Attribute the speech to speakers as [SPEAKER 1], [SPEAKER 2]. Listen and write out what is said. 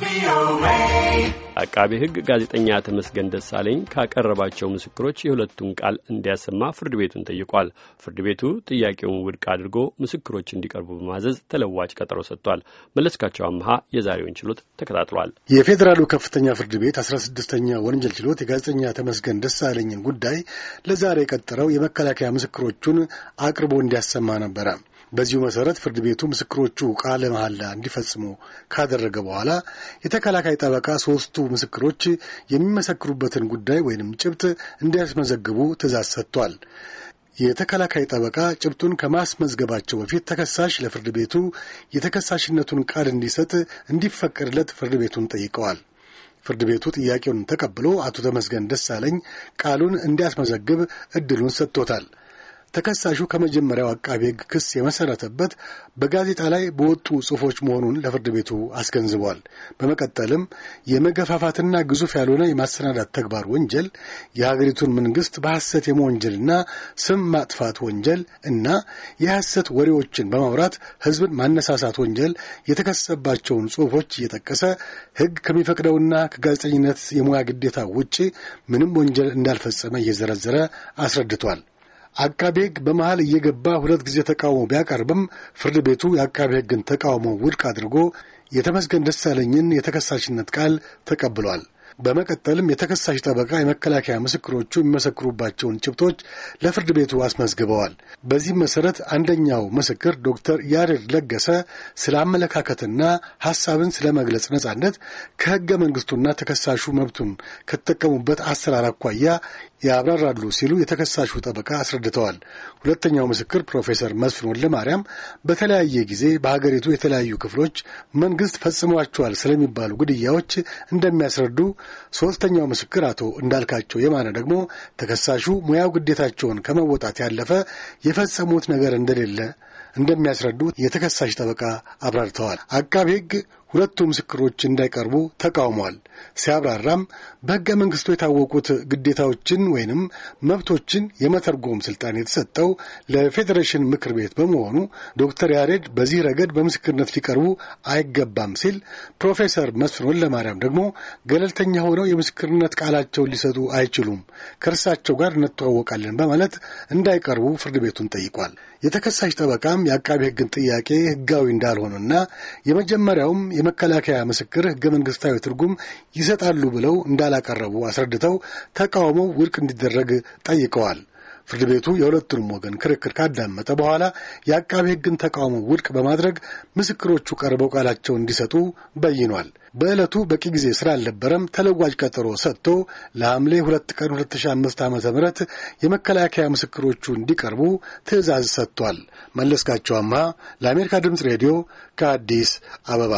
[SPEAKER 1] VOA. አቃቤ ሕግ ጋዜጠኛ ተመስገን ደሳለኝ ካቀረባቸው ምስክሮች የሁለቱን ቃል እንዲያሰማ ፍርድ ቤቱን ጠይቋል። ፍርድ ቤቱ ጥያቄውን ውድቅ አድርጎ ምስክሮች እንዲቀርቡ በማዘዝ ተለዋጭ ቀጠሮ ሰጥቷል። መለስካቸው አመሃ የዛሬውን ችሎት ተከታትሏል።
[SPEAKER 2] የፌዴራሉ ከፍተኛ ፍርድ ቤት አስራ ስድስተኛ ወንጀል ችሎት የጋዜጠኛ ተመስገን ደሳለኝን ጉዳይ ለዛሬ የቀጠረው የመከላከያ ምስክሮቹን አቅርቦ እንዲያሰማ ነበረ። በዚሁ መሰረት ፍርድ ቤቱ ምስክሮቹ ቃለ መሐላ እንዲፈጽሙ ካደረገ በኋላ የተከላካይ ጠበቃ ሶስቱ ምስክሮች የሚመሰክሩበትን ጉዳይ ወይንም ጭብጥ እንዲያስመዘግቡ ትእዛዝ ሰጥቷል። የተከላካይ ጠበቃ ጭብጡን ከማስመዝገባቸው በፊት ተከሳሽ ለፍርድ ቤቱ የተከሳሽነቱን ቃል እንዲሰጥ እንዲፈቀድለት ፍርድ ቤቱን ጠይቀዋል። ፍርድ ቤቱ ጥያቄውን ተቀብሎ አቶ ተመስገን ደሳለኝ ቃሉን እንዲያስመዘግብ እድሉን ሰጥቶታል። ተከሳሹ ከመጀመሪያው አቃቢ ሕግ ክስ የመሰረተበት በጋዜጣ ላይ በወጡ ጽሑፎች መሆኑን ለፍርድ ቤቱ አስገንዝቧል። በመቀጠልም የመገፋፋትና ግዙፍ ያልሆነ የማሰናዳት ተግባር ወንጀል፣ የሀገሪቱን መንግስት በሐሰት የመወንጀልና ስም ማጥፋት ወንጀል እና የሐሰት ወሬዎችን በማውራት ህዝብን ማነሳሳት ወንጀል የተከሰባቸውን ጽሑፎች እየጠቀሰ ሕግ ከሚፈቅደውና ከጋዜጠኝነት የሙያ ግዴታ ውጪ ምንም ወንጀል እንዳልፈጸመ እየዘረዘረ አስረድቷል። አቃቤ ሕግ በመሃል እየገባ ሁለት ጊዜ ተቃውሞ ቢያቀርብም ፍርድ ቤቱ የአቃቤ ሕግን ተቃውሞ ውድቅ አድርጎ የተመስገን ደሳለኝን የተከሳሽነት ቃል ተቀብሏል። በመቀጠልም የተከሳሽ ጠበቃ የመከላከያ ምስክሮቹ የሚመሰክሩባቸውን ጭብጦች ለፍርድ ቤቱ አስመዝግበዋል። በዚህም መሠረት አንደኛው ምስክር ዶክተር ያሬድ ለገሰ ስለ አመለካከትና ሐሳብን ስለ መግለጽ ነጻነት ከሕገ መንግሥቱና ተከሳሹ መብቱን ከተጠቀሙበት አሰራር አኳያ ያብራራሉ ሲሉ የተከሳሹ ጠበቃ አስረድተዋል። ሁለተኛው ምስክር ፕሮፌሰር መስፍን ወልደማርያም በተለያየ ጊዜ በሀገሪቱ የተለያዩ ክፍሎች መንግስት ፈጽሟቸዋል ስለሚባሉ ግድያዎች እንደሚያስረዱ፣ ሦስተኛው ምስክር አቶ እንዳልካቸው የማነ ደግሞ ተከሳሹ ሙያው ግዴታቸውን ከመወጣት ያለፈ የፈጸሙት ነገር እንደሌለ እንደሚያስረዱ የተከሳሽ ጠበቃ አብራርተዋል። አቃቤ ሕግ ሁለቱ ምስክሮች እንዳይቀርቡ ተቃውሟል። ሲያብራራም በሕገ መንግሥቱ የታወቁት ግዴታዎችን ወይንም መብቶችን የመተርጎም ስልጣን የተሰጠው ለፌዴሬሽን ምክር ቤት በመሆኑ ዶክተር ያሬድ በዚህ ረገድ በምስክርነት ሊቀርቡ አይገባም ሲል፣ ፕሮፌሰር መስፍን ወልደማርያም ደግሞ ገለልተኛ ሆነው የምስክርነት ቃላቸውን ሊሰጡ አይችሉም፣ ከእርሳቸው ጋር እንተዋወቃለን በማለት እንዳይቀርቡ ፍርድ ቤቱን ጠይቋል። የተከሳሽ ጠበቃም የአቃቢ ሕግን ጥያቄ ሕጋዊ እንዳልሆነና የመጀመሪያውም የመከላከያ ምስክር ህገ መንግስታዊ ትርጉም ይሰጣሉ ብለው እንዳላቀረቡ አስረድተው ተቃውሞው ውድቅ እንዲደረግ ጠይቀዋል። ፍርድ ቤቱ የሁለቱንም ወገን ክርክር ካዳመጠ በኋላ የአቃቤ ሕግን ተቃውሞ ውድቅ በማድረግ ምስክሮቹ ቀርበው ቃላቸው እንዲሰጡ በይኗል። በዕለቱ በቂ ጊዜ ስላልነበረም ተለዋጅ ቀጠሮ ሰጥቶ ለሐምሌ ሁለት ቀን 2005 ዓ ም የመከላከያ ምስክሮቹ እንዲቀርቡ ትዕዛዝ ሰጥቷል። መለስካቸው አምሃ ለአሜሪካ ድምፅ ሬዲዮ ከአዲስ አበባ